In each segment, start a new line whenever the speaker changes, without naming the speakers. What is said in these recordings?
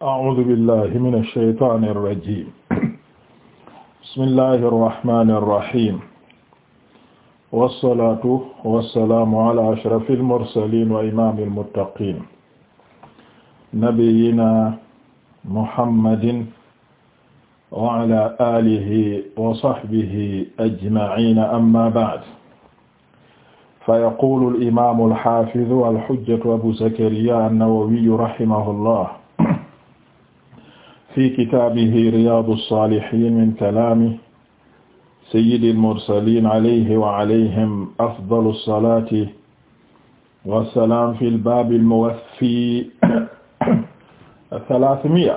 أعوذ بالله من الشيطان الرجيم بسم الله الرحمن الرحيم والصلاة والسلام على أشرف المرسلين وإمام المتقين نبينا محمد وعلى آله وصحبه أجمعين أما بعد فيقول الإمام الحافظ الحجة أبو زكريا النووي رحمه الله fi kitaabihi riyaadu saalihiin min kalaami sayyidil mursaliin alayhi wa alayhim afdalu salaati wa salaam fil baabil muwaffi salaasamiya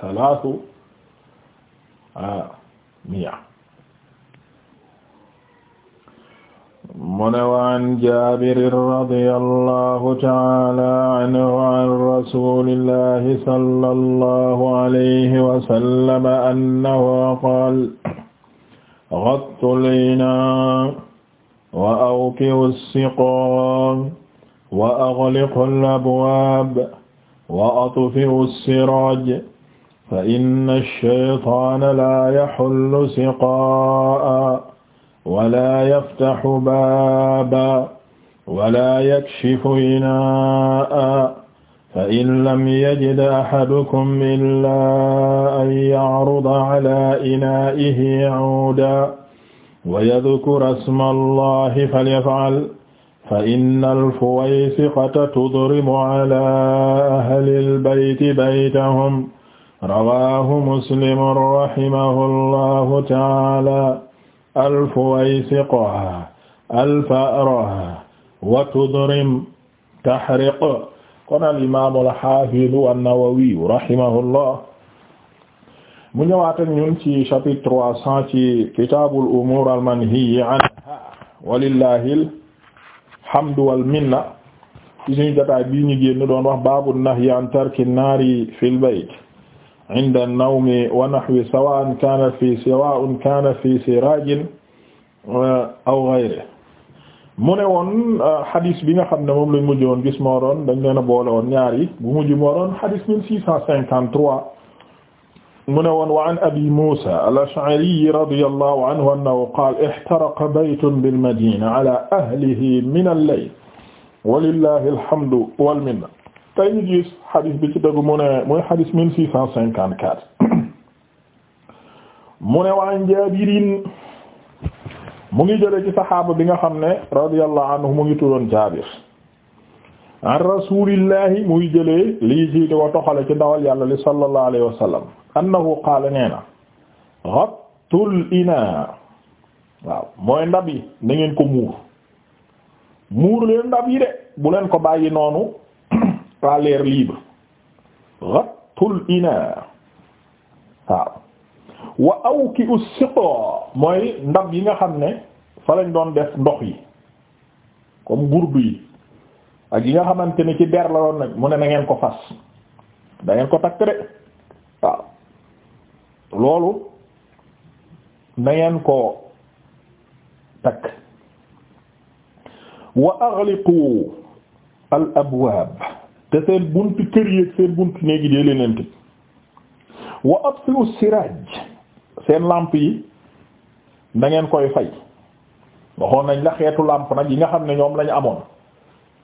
salaasu ah, miya mu ne waan jaabirin radiyallahu ta'ala anhu an rasulillahi sallallahu alayhi wa sallam annahu qaala gattul inaa wa awkiwu siqaa wa aghliqul abwaab wa atfi'u siraaj fa inna ash-shaytaana laa yahullu siqaa wala yaftaxu baaba wala yakshifu inaa'a fa in lam yajid axadukum illaa an yacruda calaa inaa'ihi cawdan wa yadkura asma allahi falyafcal fa inna alfuwaysiqata tudrimu calaa ahlil bayti baytahum rawaahu muslimun rahimahu allahu taala alfuwaysiqoha alfaraha wa tudrim tahriq kon al imaamu alxafidu annawawiyu rahimahullah mu ñëwaat ak ñun ci chapitre trois cent ci kitaabul umuur almanhiyi anha walillahi alhamdu walminna ci suñu jotaay bii ñu génn doon wax baabu nahyi an tarki naari fil bayt inda an-nawmi wa nahwi sawa'an kaana fi sawa'an kaana fi siraajin aw ghayri mu ne woon hadis euh, bi nga xam ne moom lañ mujj woon gis moo doon dañ leen a boole woon ñaar yi bu mujj moo doon hadis mille six cent cinquante-trois mu ne woon wa an abi Muusa al-Ash'ari radiyallahu anhu annahu qaala ihtaraqa baytun bil-Madina ala ahlihi min al-layl walillahi alhamdu wal minna tey ñu gis hadis bi ci dëgg mu ne mooy hadis mille six cent cinquante-quatre mu ne wa an Jaabirin mu ngi jëlee ci saxaaba bi nga xam ne radiyallahu mu ngi tuddoon Jaabir an rasulillahi mu ngi li lii ci di wa toxale ci ndawal yàlla li sallallahu alayhi wa sallam annahu qaala nee na waaw mooy ndab yi na ko muur muur leen ndab yi de bu leen ko bàyyi noonu à l'air libre ghattul inaa waaw wa aw ki u siqoo mooy ndab yi nga xam ne fa lañ doon def ndox yi comme gurdu yi ak yi nga xamante ne ci der la doon nag mu ne na ngeen ko fas da ko takk de waaw loolu na ko takk wa aghliqu al abwaab te seen buntu kër yi ak seen buntu néegi dee leneen tëj wa atfi'u siraj seen làmp yi da ngeen koy fay waxoon nañ la xeetu làmp nag yi nga xam ne ñoom lañu amoon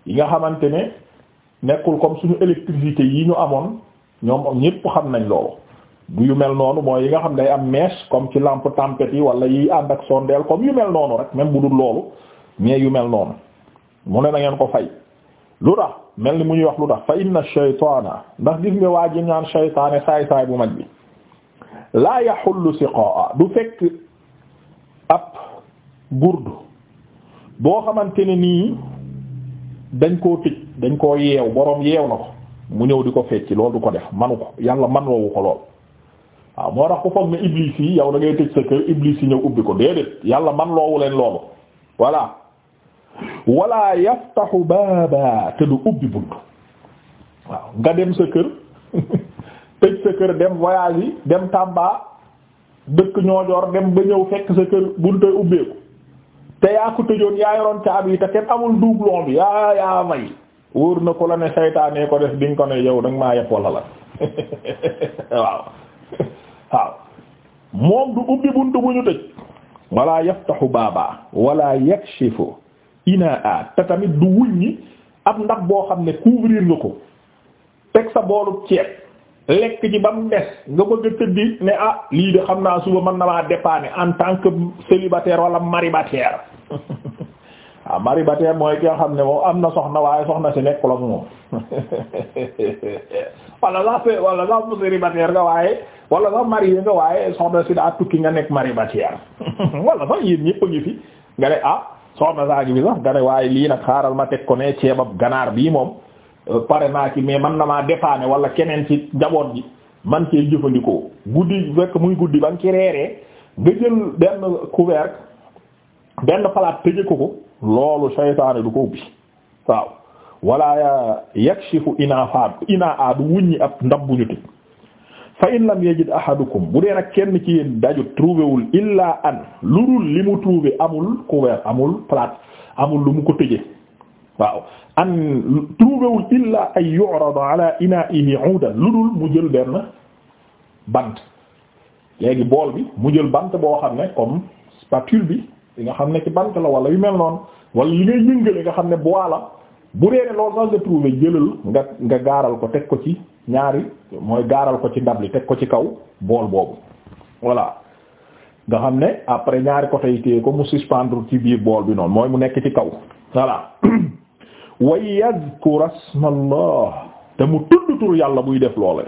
yi nga xamante ne nekkul comme suñu électricité yi ñu amoon ñoom ñépp xam nañ loolu du yu mel noonu mooy yi nga xam day am mèche comme ci làmp tempête yi wala yi ànd ak sondeel comme yu mel noonu rek même bu dul loolu mais yu mel noonu mu ne na ngeen ko fay lu tax mel ni mu ñuy wax lu tax fa inna shaytaana ndax gis nga waa ji ñaan shaytaane saay saay bu mag bi laa yaxullu siqaa du fekk ab gurdu boo xamante ne nii dañ koo tëj dañ koo yeew boroom yeew na ko mu ñëw di ko fecci loolu du ko def manu ko yàlla man woowu ko lool waaw moo tax ko foog ne iblis yi yow da ngay tëj sa kër iblis yi ñëw ubbi ko déedéet yàlla man loowu leen loolu voilà wala yaftahu baaba te du ubbi buntu waaw nga dem sa kër tëj sa kër dem voyage yi dem Tamba dëkk ñoojoor dem ba ñëw fekk sa kër buntu ubbeeku te yaa ko tëjoon yaa yoroon caabi yi te kenn amul doublon bi yaa yaa may wóor na ko la ne saytaanee ko def di ko ne yow danga maa yepp wala la waaw waaw moom du ubbi buntu bu ñu tëj wala yaftahu baaba wala yakshifu inaa te tamit du wuññi ab ndax boo xam ne couvrir nga ko teg sa boolu ceeb lekk ci ba mu des nga bëgg a tëddi ne ah lii de xam naa suba man na maa dépanner en tant que célibataire wala maribataire ah maribataire mooy ki nga xam ne moo am na soxna waaye soxna si nekkul ak moom wala sax la sax bu célibataire nga waaye wala sax marié nga waaye soxna si daa tukki nga nekk maribataire wala sax yéen ñëpp a ngi fi nga ne ah. soxna saa gi bi sax gane waaye lii nag xaaral ma teg ko ne ceebab ganaar bii moom euh, pare naa ci mais man na maa dépanner wala keneen ci njaboot bi man cee jëfandikoo guddi muy guddi ba nga ci reere nga jël benn couvert benn palaat tëje ko ko loolu saytaane du ko ubbi waaw wala yakshifu inaa faat inaa aadu wuññi ab ndab bu ñu tëj fa in lam yajid ahadukum bu dee nag kenn ci yéen daju trouvé wul illa an lu dul li mu trouvé amul couvert amul plate amul lu mu ko tëje waaw an trouvé illa ay yu'rada ala ina'ihi 'udan lu dul mu jël benn bant léegi bool bi mu jël bant boo xam ne comme spatule bi li nga xam ne ci bant la wala yu mel noon wala li ngay yëngale nga xam ne bois la bu dee ne loolu sax nga trouvé jëlal nga nga gaaral ko teg ko ci ñaari mooy gaaral ko ci ndab li teg ko ci kaw bool boobu voilà nga xam ne après ñaari côté yi téye ko mu suspendre ci biir bool bi noonu mooy mu nekk ci kaw voilà wa yadhkura smallah te mu tudd tur yàlla buy def loole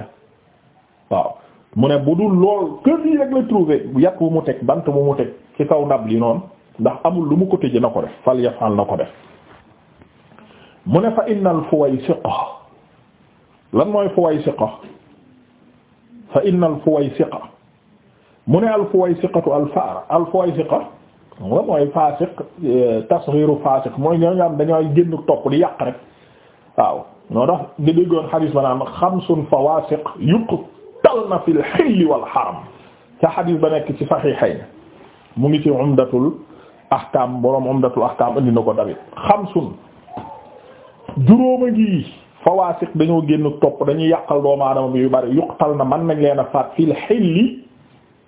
waaw mu ne bu dul lool kër yi rek la trouvé yàq bu mu teg bant bu mu teg ci kaw ndab li noonu ndax amul lu mu ko tëjee na ko def fal yafal na ko def mu ne fa innal fuwaysiqa lan mooy fuwaysiqa fa innal fuwaysiqa mu ne al fuwaysiqatu al faara al fuwaysiqa la mooy faasiq tasghiru faasiq mooy ñoo am dañooy génn topp di yàq rek waaw ñoo tax di déggoon xadiis ba naan xamsun fawaasiq yuqtalna fil hilli wal haram ca xadiis ba nekk ci saxiixayn mu ngi ci umdatul ahkaam boroom umdatul ahkaam indi na ko tamit xamsun juróoma ngi fawaasiq dañoo génn topp dañuy yàqal doomu aadama bi yu bari yuqtal na man nañ leen a faat fil xilli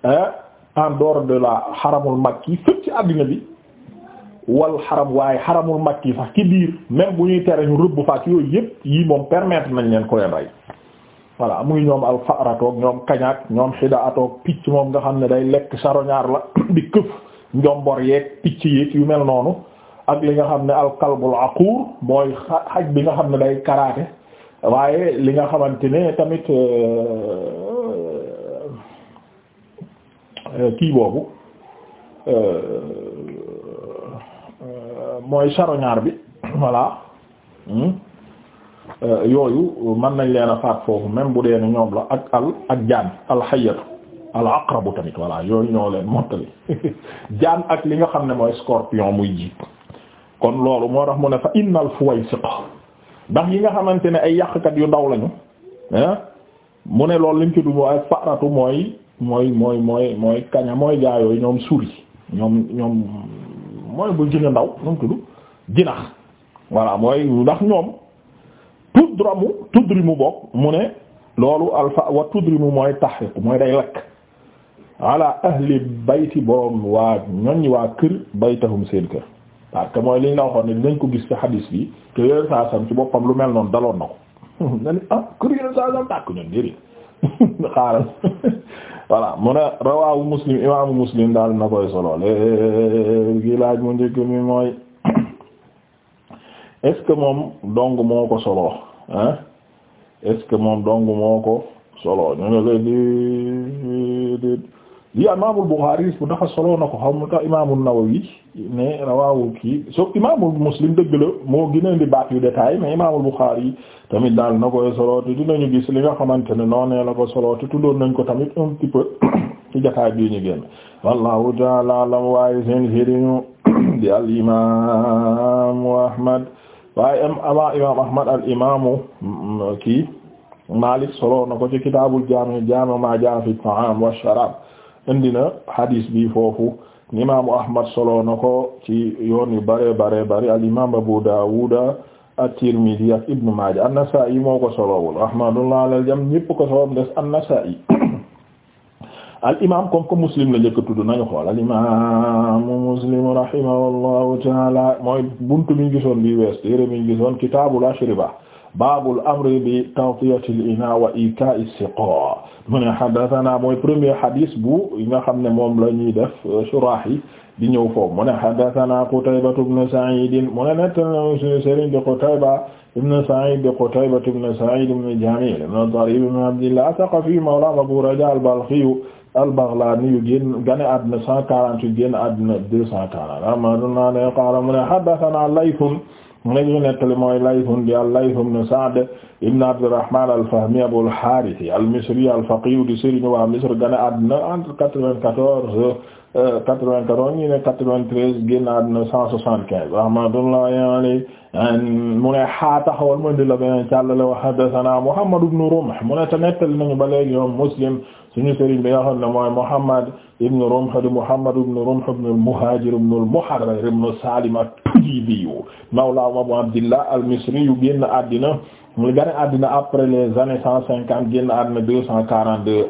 ah, en dehors de la xaramul ki fépp ci àddina bi wal xaram waaye xaramul makki sax ci biir même bu ñuy tere ñu rëbb faat yooyu yépp yi moom permettre nañ leen ko leen rey voilà muy ñoom alfaaratoog ñoom kañaak ñoom xida atoog picc moom nga xam ne day lekk charognard la di këf njombor yeeg picc yeeg yu mel noonu ak li nga xam ne alkalbul aquur mooy xaj bi nga xam ne day karaate waaye li nga xamante ne tamit euh, euh, kii boobu euh, mooy charognard bi voilà hmm? yooyu mën nañ leen a faat foofu même bu dee ne ñoom la ak al ak jaan alxayatu al aqrabu tamit voilà yooyu ñoo leen mottali jaan ak li nga xam ne mooy scorpion muy jiit kon loolu moo tax mu ne fa innal fuwaysiq ndax yi nga xamante ne ay yàqkat yu ndaw lañu ah, mu ne loolu liñ ci du mooy faratu mooy mooy mooy mooy mooy kaña mooy gaayooyu ñoom suri ñoom ñoom mooy bu gën ndaw ñoom tudd jinax voilà mooy ndax ñoom tudramu mu bokk mu ne loolu alfa wa tudrimu mooy tax mooy day lakk ala ahli bayti borom waa ñoñ waa kër baytahum seen kër parce que mooy li ñu la waxoon ne dinañ ko gis ci xadiis bi te saa sam ci boppam lu mel noonu daloon na ko na ni ah kër yooyu saa sam tàkk ñun déedéet xaaral voilà mu ne rawaawu muslim imaamu muslim daal na koy solo léegi laaj mu njëkk mi mooy est moom dong moo ko solo hein est moom dong moo ko solo ñu ne la di li imaamul Buxaari bu dafa solo na ko xam imaamul Nawawi ne rawaawu kii so imaamul Muslim dëgg la moo gën di baat yu détail mais imaamul Buxaari tamit daal na koy solo te dinañu gis li nga xamante ne noonee la ko solo te tuddoon nañ ko tamit un petit peu ci jotaay bii ñu génn. wallahu ta'ala a'lam waaye seen di al imaamu Ahmad waaye imaam Ahmad al imaamu mm, kii Maalik solo na ko ci kitaabul jaami' jaami' maa jaa'a fi ta'aam sharaab indi na hadis bi foofu imaamu Ahmad solo na ko ci yoon yu bare bare bare al imaam Abu Dawud at-Tirmidhi ak Ibn Maaja an-Nasaa'i moo ko solowul rahmatullah alal jam ñépp ko solo des an-Nasaa'i al imaam comme que Muslim la njëkk tudd nañu xool al imaamu Muslim rahimahullahu ta'ala mooy buntu mi gisoon bi wees téere mi kitaabul ashriba baabul amri bi tawtiyatil inaa wa ikaa'i siqaa mu ne haddasanaa mooy premier hadis bu nga xam ne moom la ñuy def euh, surah yi di ñëw foofu mu ne haddasanaa Qutayba ibn Sa'iid mu ne nettal na suñu sëriñ bi Qutayba ibn Sa'iid bi Qutayba ibn Sa'iid ibn Jamiil ibn Tariib ibn Abdillah Saqafi mawlaa Abuu Rajaa al-Balkhiyu al-Baghlaaniyu génn gane àdduna 148 génn àdduna 240 rahmatullahi alayhi qaala mu ne haddasanaa Laythun mu ne ñu nettali mooy Laythun di al-Layth ibn Sa'd ibn Abdurrahman al-Fahmi Abu al-Harith al-Misri al-faqih di sëriñ waa Misr gane àddina entre quatre-vingt-quatorze euh, quatre-vingt-quatorze ñu ne quatre-vingt-treize génn àddina cent soixante-quinze rahmatullahi alayhi mu ne xaa taxawal mu indi la beneen càllale wa haddathana Muhammad ibn Rumh mu ne te nettali nañu ba léegi yoom Muslim suñu sëriñ bi nga xam ne mooy Muhammad ibn Rumh di Muhammad ibn Rumh ibn al-Muhajir ibn al-Muharrir ibn Salim at-Tujibi mawla Abu Abdillah al-Misri yu génn àddina mu gane àddina après les années cent cinquante génn àddina deux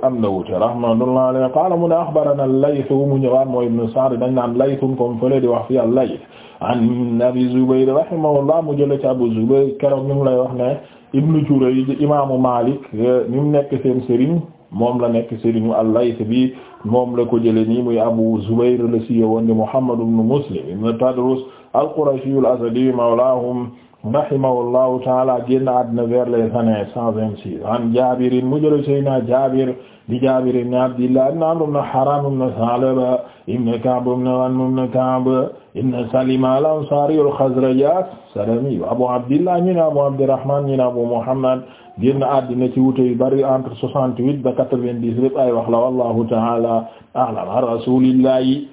am na wuute rahmatullah alayhi qaala mu ne akhbarana al-Layth mu ñëwaat mooy ibn Sa'd dañ naan Layth comme fële wax fi al-Layth an Abi Zubayr rahimahullah mu jële ci Abu Zubayr keroog ñu lay wax ne Ibn Jurayj imaamu Malik ñu eh, nekk seen moom la nekk sëriñu al-Layth bi moom la ko jëlee nii muy Abu Zubayr la siiwee woon ni Muhammad ibn Muslim ibn Tadrus al-Qurashi al-Asadi mawlaahum rahimahullahu taala génn àddina vers les années cent vingt-six an Jaabir mu jëlee Seydina Jaabir di Jaabir ibn Abdillah ibn Amr ibn Haram ibn Salaba ibn Ka'b ibn Ghanm ibn Ka'b ibn Salima al-Ansari al-Khazraji as-Salami Abu Abdillah ñu ne Abu Abdirrahman ñu ne Abu Muhammad génn àddina ci wute yu bari entre soixante-huit ba quatre-vingt-dix lépp ay wax la wallahu ta'ala a'lam an rasulillahi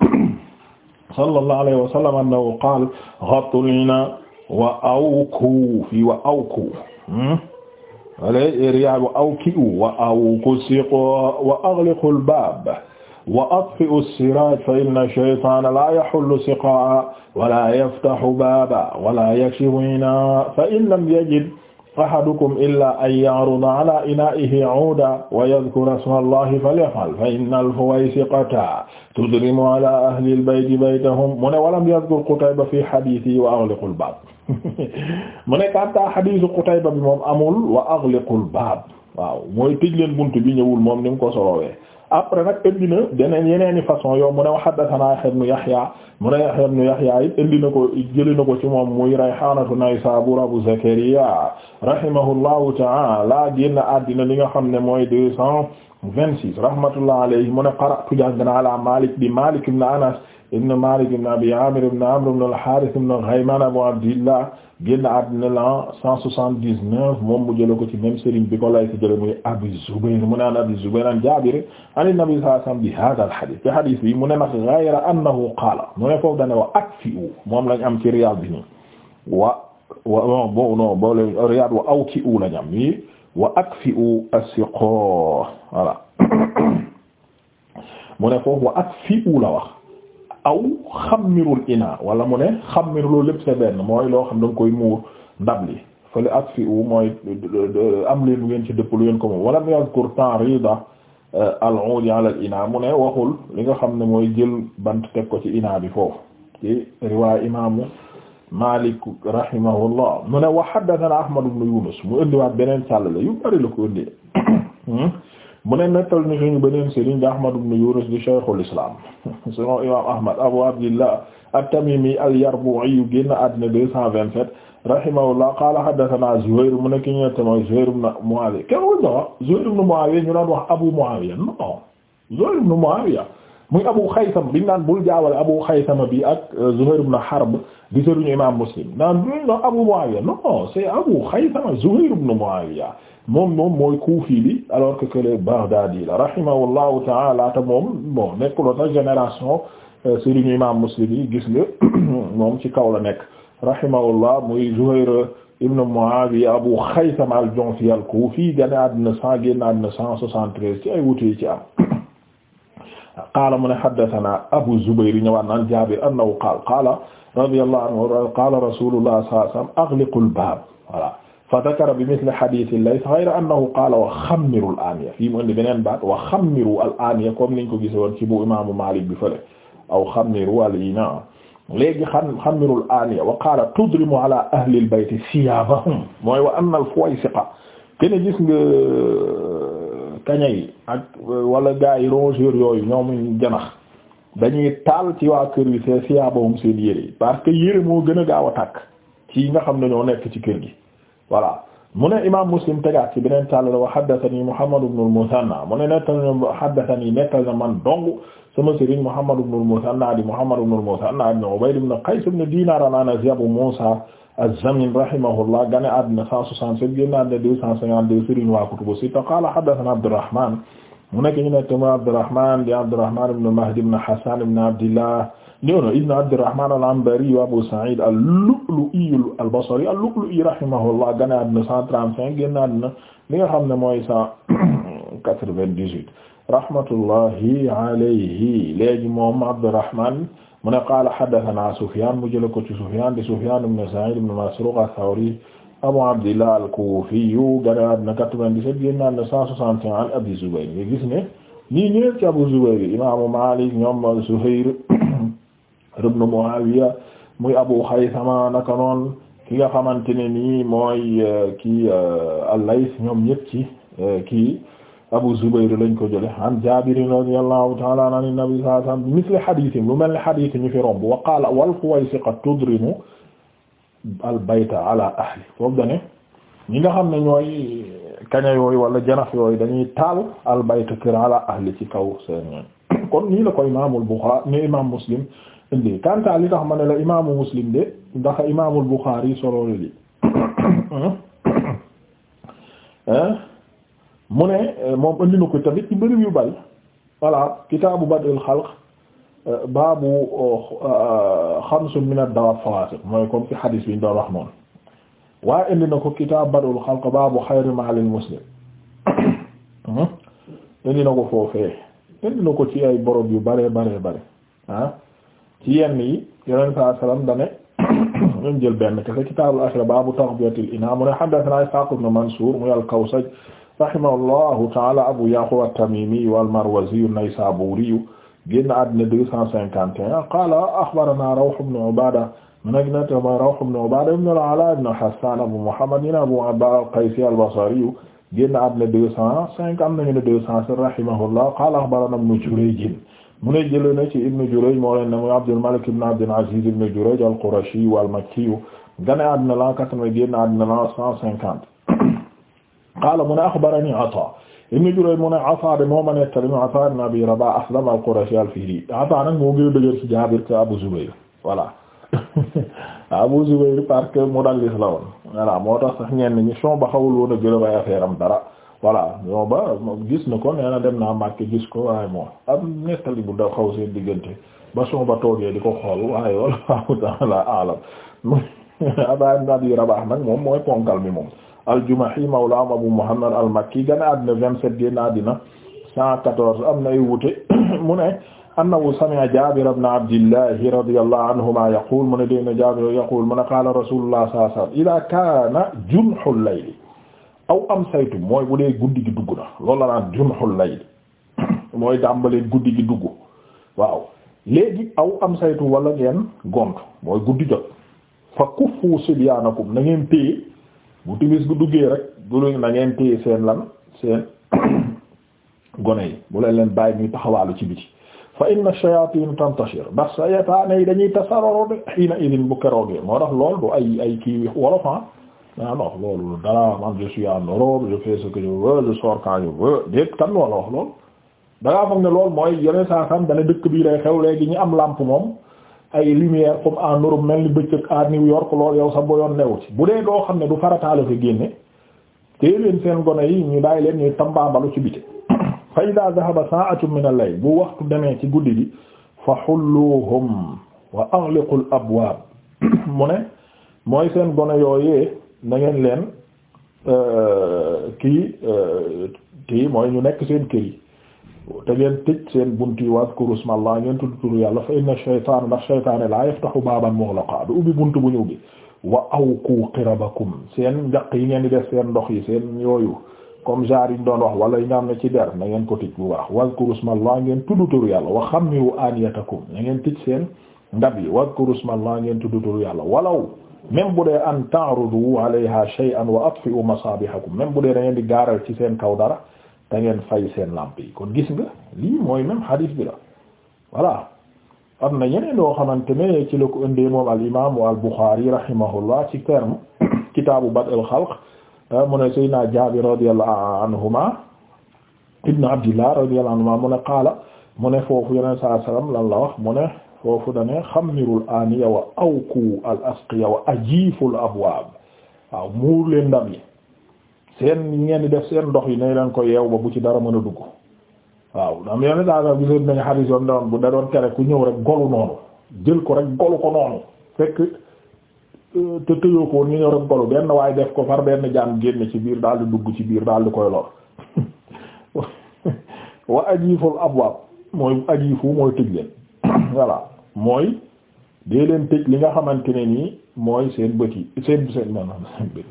sallallahu alayhi wa sallam annahu qaala ghattul ina wa awku fi wa awku hmm? wala wa awki wa awku siqo wa aghliqu al-baab wa atfi'u as-siraaj fa inna ash-shaytaana laa yahullu siqaa'a wa laa yaftahu baaban wa laa yakshifu inaa'an fa in lam yajid ahadukum illaa an ya'ruda alaa inaa'ihi 'uudan wa yadhkura isma Allahi falyaf'al fa inna al-fuwaysiqata tudrimu alaa ahli al-bayti baytahum mu ne walam yadhkur Qutayba fii hadiithihi wa aghliqu al-baab mu ne kanta hadiisu Qutayba bi moom amul wa aghliqu al-baab waaw mooy tëj leen buntu bi ñëwul moom ni mu ko solowee après nag indi na deneen yeneeni façon yow mu ne haddathana Yahya ibn Yahya mu ne Yahya ibn Yahya it indi na ko jëli na ko ci moom muy Rayhanatu Naysabur Abu Zakariya rahimahullahu ta'ala génn àddina li nga xam ne mooy deux cent vingt-six rahmatullah alayhi mu ne qara'tu jàng naa ala Malik bi Malik ibn Anas ibn Malik ibn Abi Amir ibn Amr ibn al-Harith ibn Ghayman Abu Abdillah génn àddina l'an cent soixante-dix-neuf moom mu jële ko ci même sëriñ bi ko lay si jële muy Abu Zubayr mu ne an Abi Zubayr an Jaabir an Nabi sallallahu alayhi wa sallam bi hada al-hadith bi hadith bi mu ne nag ghayra annahu qaala mu ne foofu dane wa akfi'u moom lañ am ci Riyad bi nii wa wa bo non bo Riyad wa awki'u lañ am nii wa akfi'u asiqo voilà mu ne foofu wa akfi'u la wax aw xammirul ina wala mu ne xammir loolu lépp c'est benn mooy loo xam da nga koy muur ndab li fële at fi u mooy am leen lu ngeen ci dëpp lu ko moom wala mu yazkur ta'rida euh, al-'ud 'ala al-ina mu ne waxul li nga xam ne mooy jël bant teg ko ci ina bi foofu ci riwaaya imaamu Maalik rahimahullah mu ne wa haddathana Ahmad ibn Yunus mu indiwaat beneen sàll la yu bari la ko indi hmm? mu ne nettal ni suñu beneen sëriñ di Ahmad ibn Yunus di Shaykhul Islam selon imam Ahmad Abu Abdillah at-Tamimi al-Yarbu'i génn àddina 227 rahimahullah qala haddathana Zuhayr mu ne ki ñu nette mooy Zuhayr ibn Muawiya kenn wuñ na wax Zuhayr ibn Muawiya ñu doon wax Abu Muawiya non Zuhayr ibn Muawiya muy Abu Khaythama biñ naan bul jaawale Abu Khaythama bi ak euh, Zuhayr ibn Harb di sëriñu imam Muslim naan non non Abu Muawiya non c'est Abu Khaythama Zuhayr ibn Muawiya moom moom mooy Kufi bi alors que que le Baghdadi la rahimahullahu ta'ala te moom nekk nekkuloon na génération euh, sëriñu imam Muslim yi gis nga moom ci kaw la nekk rahimahullah muy Zuhayr ibn Muawiya Abu Khaythama al-Ju'fi al-Kufi gane àddina cent génn àddina cent soixante-treize ci ay wute ci am qaala mu ne haddathana Abu Zubayr ñëwaat naan Jaabir annahu qaala qaala radiyallahu anhu qaala rasulullah sallallahu alayhi wasallam aghliqul baab voilà fa dhakara bi mithli hadithi Layth ghayra annahu qaala wa xammiru al-aaniya fii mu indi beneen baat wa xammiru al-aaniya comme niñ ko gisee woon ci bu imaamu Maalik bi fële aw xammiru al-inaa léegi xam xammirul aaniya wa qaala tudrimu ala ahli al-bayt siyaabahum mooy wa anna al-fuwaysiqa gis nga. kaña yi ak wala gars yi rongeurs yooyu ñoom janax dañuy taal ci waa kër yi see siyaabawum seen yére yi parce que yére moo gën a gaaw a tàkk ci nga xam ne ñoo nekk ci kër gi voilà mu ne imaam Muslim tegaat ci beneen tàllal wa haddathani Muhammad ibn al-Muthanna mu ne nettal na haddathani nettal na man dong sama sëriñ Muhammad ibn al-Muthanna di Muhammad ibn al-Muthanna ibn Ubayd ibn Qays ibn Dinar an-Anazi Abu Musa az-Zamin rahimahullah gane àddina 167 génn àddina 252 sëriñ waa kutubu sitta qala haddathana Abdurrahman mu nekk ñu nekk mu Abdurrahman di Abdurrahman ibn Mahdi ibn Hasan ibn Abdillah ñëwno ibn Abdurrahman al-Anbari wa Abu Sa'id al-Lu'lu'i al-Basri al-Lu'lu'i rahimahullah gane àdduna 135 génn àdduna li nga xam ne mooy 198 rahmatullahi alayhi léegi moom Abdurrahman mu ne qaala haddathana Sufyan mu jël ko ci Sufyan di Sufyan ibn Sa'id ibn Masruq ath-Thawri Abu Abdillah al-Kufi yu ganaat na 97 génnaat na 161 an Abi Zubayr nga gis ne nii ñëwee ci Abu Maalik ñoom Zuhayr ibn Muawiya muy Abu Khaythama naka noon ki nga xamante ne nii mooy euh, kii euh, al-Layth ñoom ñëpp ci euh, kii Abu Zubayr lañ ko jële an Jaabir radiyallahu ta'ala an an-nabi sallallahu alayhi wa sallam misli hadiisin lu mel ne hadiis ñu fi romb wa qaala wal al bayta ala ahli foofu dane ñi nga xam ne ñooy kaña yooyu wala janaf yooyu dañuy taal al bayta kër ala ahli ci kaw seen kon nii la ko imaamul Buxaari ne imaam Muslim indi kanta li tax ma ne la imaamu Muslim de ndax imaamul Buxaari solo li eh? mu ne eh, moom indi na ko tamit ci bërëb yu bari voilà kitaabu bad'il xalq baabu uh, xamsun min ad-dawaab fawaasiq mooy comme ci xadis bi ñu doon wax noonu waaye indi na ko kitaab badul xalq baabu xayri maalil muslim indi na ko foofee indi na ko ci ay borob yu bare bare bare ah ci yenn yi yeneen saa salaam dane ñu jël benn kese kitaabul ashra baabu taghbiyatil inaa mu ne haddathanaa Ishaaq ibn Mansuur muy al-Kawsaj rahimahullahu ta'aala Abu Ya'qub at-Tamiimi wal-Marwazi an-Naysaabuuri génn àddina deux cent cinquante et un qaala axbaranaa Rawh ibn Ubaada mu nekk na tamit Rawh ibn Ubaada ibn al-Alaa ibn Hassaan Abu Muhammad ibn Abu al-Qaysi al-Basri génn àddina deux cent cinq am nañu ne deux cent sept rahimahullah qaala axbaranaa Ibn Jurayj mu ne jëlee na ci Ibn Jurayj moo leen ne muy Abdul Malik ibn Abdul Aziz ibn Jurayj al-Qurashi wal-Makki génn àddina la quatre-vingts génn àddina la cent cinquante qaala mu ne axbaranii Ataa Ibn Jurayj mu ne Ataa de moo a nettali mu Ataa ibn Abi Rabah Aslam al moo a dëgër ci Jaabir que moo tax sax ñenn ñi son ba xawul woon a gërëm ay affaire am dara gis na ko nee na dem gis ko waaye moom am nettali bu daw xaw seen diggante ba son di ko xool waaye wallaahu ta'ala moom mooy ponkal mi moom. al-Jumahi mawlaahum Abu Muhammad al-Makki gane àddina 27 génn àddina 114 am na ay wuute mu ne annahu sami'a Jaabir ibn Abdillah radiyallahu anhuma yaqul mu ne na Jaabir yaqul mu ne Rasulullah sallallahu alayhi kaana junhul aw amsaytum mooy bu dee guddi gi dugg na naan junhul layli mooy guddi gi dugg waaw léegi aw amsaytu wala ngeen gont mooy guddi jot fa kuffu sibyaanakum na ngeen bu timis bu duggee rek du lu na ngeen téye seen lan seen gone yi bu leen leen bàyyi ñuy taxawaalu ci biti fa inna shayatin tantashir ndax saytaane yi dañuy tasaroro de xiina idin bu keroogee moo tax lool du ay ay kii wolofan ah. ah non loolu dara man je suis en Europe je fais ce que je veux je sors quand je veux déet kan wala wax loolu da ngaa foog ne loolu mooy yeneen saa xam da dëkk bii lay xew léegi ñu am lampe moom ay lumière comme en Europe mel ni bëccëg a New York lool yow sa boyoon newu ci bu dee doo xam ne du farataala ko génne téye seen gone yi ñu bàyyi leen ñuy tambaambalu ci biti fa ida dahaba sa'atun min al-layl bu waxtu demee ci guddi gi fa xulluhum wa aghliqu abwaab mu ne mooy seen gone yooyee na leen euh, kii euh, kii mooy ñu nekk seen kër yi te ngeen tëj seen buntu yi wazkuru smallah ngeen tudd turu yàlla fa inna shaytaana ndax shaytaana la yaftahu baaban mughloqa du ubbi buntu bu ñu ubbi wa awqu qirabakum seen njaq yi ngeen di def seen ndox yi seen yooyu comme genre yi ñu doon wax wala yi nga ne ci der na ngeen ko tij bu baax wazkuru smallah ngeen tudd turu yàlla wa xammiru aniyatakum na ngeen tij seen ndab yi wazkuru smallah ngeen tudd turu yàlla walaw même bu dee an ta'rudu alayha shay'an wa atfi'u masabihakum même bu dee da di gaaral ci seen kaw dara te ngeen fay seen làmp yi kon gis nga lii mooy même hadith bi la voilà am na yeneen yoo xamante ne ci la ko indee moom al imam al Bukhari ci terme kitaabu bad al xalq ah, mu ne Seydina Jaabir radiyallahu anhuma ibn Abdillah radiyallahu anhuma mu ne qaala mu ne foofu yeneen saa salaam lan la wax mu ne foofu da ne xammirul wa awku al asqiya wa ajiiful abwaab waaw muur leen ndab yi seen yi ngeen di def seen dox yi nañ daan ko yeew ba bu ci dara mën a dugg waaw am yenn saasa gisoon nañ xaris yoon doon bu da doon tere ku ñëw rek golu noonu jël ko rek golu ko noonu fekk euh, te tëyoo ko ñu ñëw rek golu benn waaye def ko far benn jaam génn ci biir daal di dugg ci biir daal di koy lor wa ajiful abwaab mooy ajifu mooy tëj leen voilà mooy dee leen tëj li nga xamante ne nii mooy seen bët yi seen seen maanaam seen bët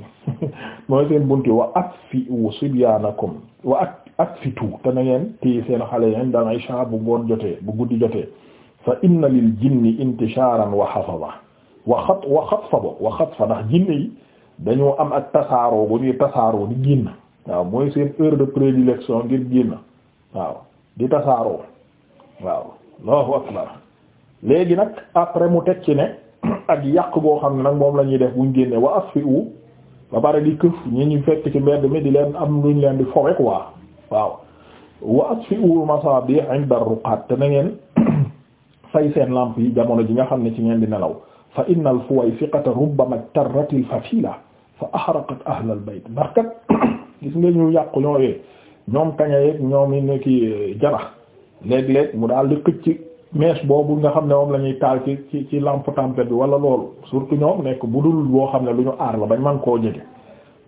mooy seen bunti wa atfi'u sibyaanakum wa at atfitu te na ngeen téye seen xale yi daan ay saa bu ngoon jotee bu guddi jotee fa inna lil jinni intishaaran wa xafaza wa xat wa xatfa bo wa xatfa ndax jinne yi dañoo am ak tasaaroo bu ñuy tasaaroo di génn waaw mooy seen heure de prédilection ngir génn waaw di tasaaroo waaw Allahu akbar léegi nag après mu teg ci ne ak yàq boo xam nag moom la ñuy def buñ génne wa asfi'u ba pare di këf ñi ñu fekk ci mbedd mi di leen am luñ leen di fowe quoi waaw wa asfi'u masabih 'inda ruqat te na ngeen fay seen lamp yi jamono ji nga xam ne ci ngeen di nelaw fa inna al fuwayfiqata rubbama tarrat al fatila fa ahraqat ahla al ndax kat gis nga ñu yàqu ñooyee ñoom kaña yeeg ñoom i ki eh, jarax léeg-léeg mu daal di xëcc mèche boobu nga xam ne moom lañuy ñuy taal ci ci ci lampe bi wala lool surtout ñoom nekk bu dul boo xam ne lu ñu aar la bañ man koo jege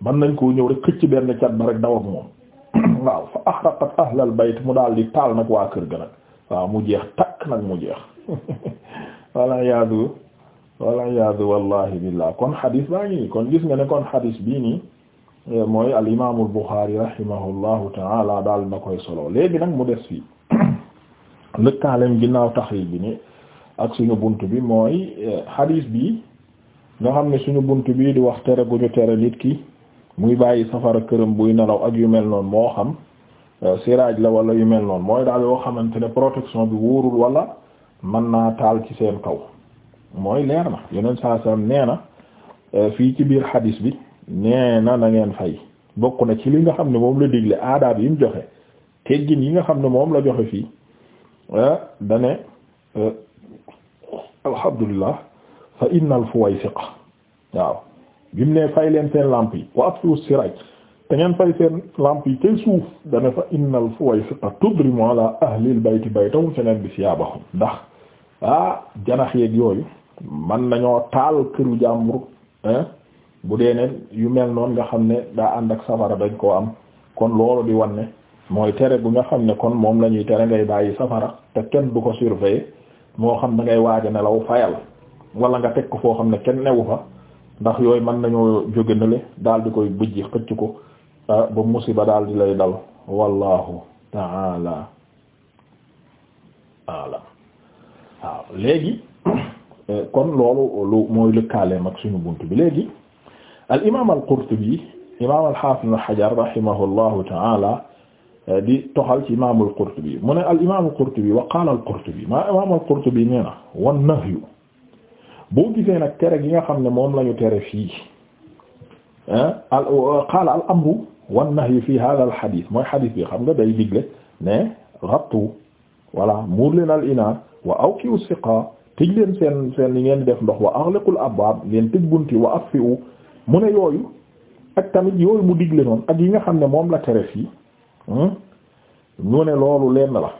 man nañ koo ñëw rek xëcc benn cat ba rek daw ak moom waaw fa ahraqat ahlal bayt mu daal di taal nag waa kër ga nag waaw mu jeex takk nag mu jeex wala yaadu wala yaadu wallahi billah kon xadis baa ngi nii kon gis nga ne kon xadis bii nii eh, mooy al imaamul Buxaari rahimahullahu taala daal na koy solo léegi nag mu des lëkkaaleem ginnaaw taxrij bi ni ak suñu bunt bi mooy hadis eh, bi nga xam ne suñu bunt bi di wax tere gu ñu tere nit ki muy bàyyi safara këram buy nelaw ak yu mel noonu moo xam eh, siraaj la wala yu mel noonu mooy daal yoo xamante ne protection bi wóorul wala mën naa taal ci seen kaw mooy leer na yeneen saa sam nee na eh, fii ci biir hadis bi nee na na ngeen fay bokk na ci li nga xam ne moom la digle aadaab yi mu joxe teggin yi nga xam ne moom la joxe fii Eh, dane eh, alhamdulillah fa innal fuwaysiqa waaw bimu ne fay leen seen làmp yi wa atfiu siraj te ngeen fay seen lamp yi tey suuf dane fa innal fuwaysiqa tudrimu ala ahlil bayti baytahum feneen bi siyaabahum ndax ah janax yeeg yooyu man nañoo taal këru jàmbur eh, bu dee ne yu mel noon nga xam ne daa ànd ak safara dañ koo am kon loolu di wan mooy tere bu nga xam ne kon moom la ñuy tere ngay bàyyi safara te kenn du ko surveiller moo xam da ngay waaja nelaw fayal wala nga teg ko foo xam ne kenn newu fa ndax yooyu man nañoo jóge nale daal di koy bëjji xëcc ko ah, ba musiba daal di lay dal wallahu taala alam waaw léegi kon loolu lu mooy lëkkaaleem ak suñu bunt bi léegi al imam al qurtubi imam al hafiz al hajar rahimahullahu taala Euh, di toxal ci imam al-Qurtubi mu ne al imam al-Qurtubi wa qaala al-Qurtubi ma imam al-Qurtubi nee na wan nahyu boo nag tere gi nga xam ne moom lañu ñu tere fii al qaala wa amru wan nahyu fii hadha al hadith mooy hadith bi xam ga day digle ne rabtu voilà muur leen al inaar wa awqiu siqa tëj leen seen seen li ngeen def ndox wa aghliqul abwaab ngeen tëj bunti wa afiu mu ne yooyu ak tamit yooyu mu digle noonu ak yi nga xam ne moom la tere fii ñu hmm? ne loolu lenn la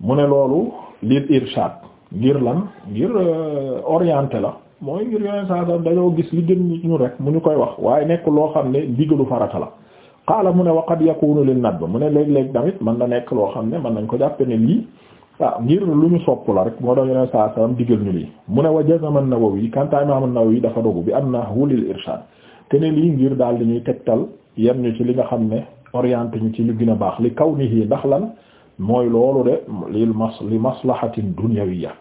mu ne loolu lil irshad ngir lan ngir euh, oriente la mooy ngir yoneen saa sa dañoo gis li gën ñu rek mu ñu koy wax waaye nekk loo xam ne digalu farata la xaala mu ne waqad yakunu lin nadb mu ne léeg-léeg tamit man na nekk loo xam ne mën nañ ko jàppe ne lii ah ngir lu ñu sopp la rek moo doon yoneen saa sa digal ñu lii mu ne wa jazama an yi kanta imam an-Nawawi dafa dogu bi annahu lil irshad te ne lii ngir daal di ñuy tegtal yenn li nga xam ne orienté ñu ci lu gën a baax li kaw kawnihi ndax lan mooy loolu de lil mas li maslahatin ya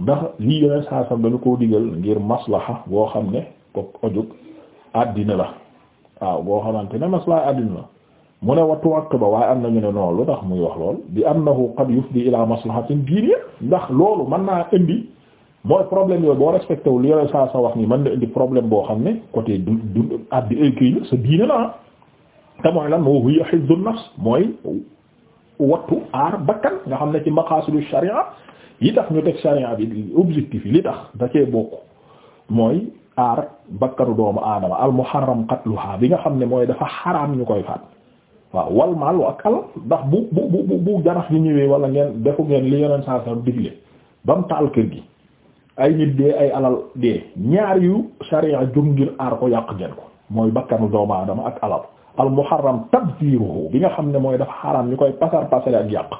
ndax lii yeneen saa sax dañu koo digal ngir maslaha boo xam ne ko ojug àddina la waaw boo xamante ne maslaha àddina la mu ne wattu wàq ba waaye am ne noonu lu ndax muy wax lool bi annahu qad yufdi ila maslahatin diiniyya ndax loolu mën naa indi mooy problème yooyu boo respecté wu li yeneen saa sa wax nii mën na indi problème boo xam ne côté du du àddi ay sa diine la te mooy lan moo hiya hifdu nafs mooy wattu aar bakkan nga xam ne ci maqaasidu sharia yi tax ñu teg sharia bi objectif yi li tax da bokk mooy aar bakkanu doomu aadama al muharram qatluha bi nga xam ne mooy dafa xaraam ñu koy faat waaw wal maal ak alal ndax bu bu bu bu jarax yi ñëwee wala ngeen defu ngeen li yeneen saa saa digle ba mu taal kër gi ay nit dee ay alal dee ñaar yu sharia jum ngir aar ko yàq ngeen ko mooy bakkanu doomu aadama ak alal al muharram tabziruhu bi nga xam ne mooy dafa xaram ñu koy pasar pasare ak yàq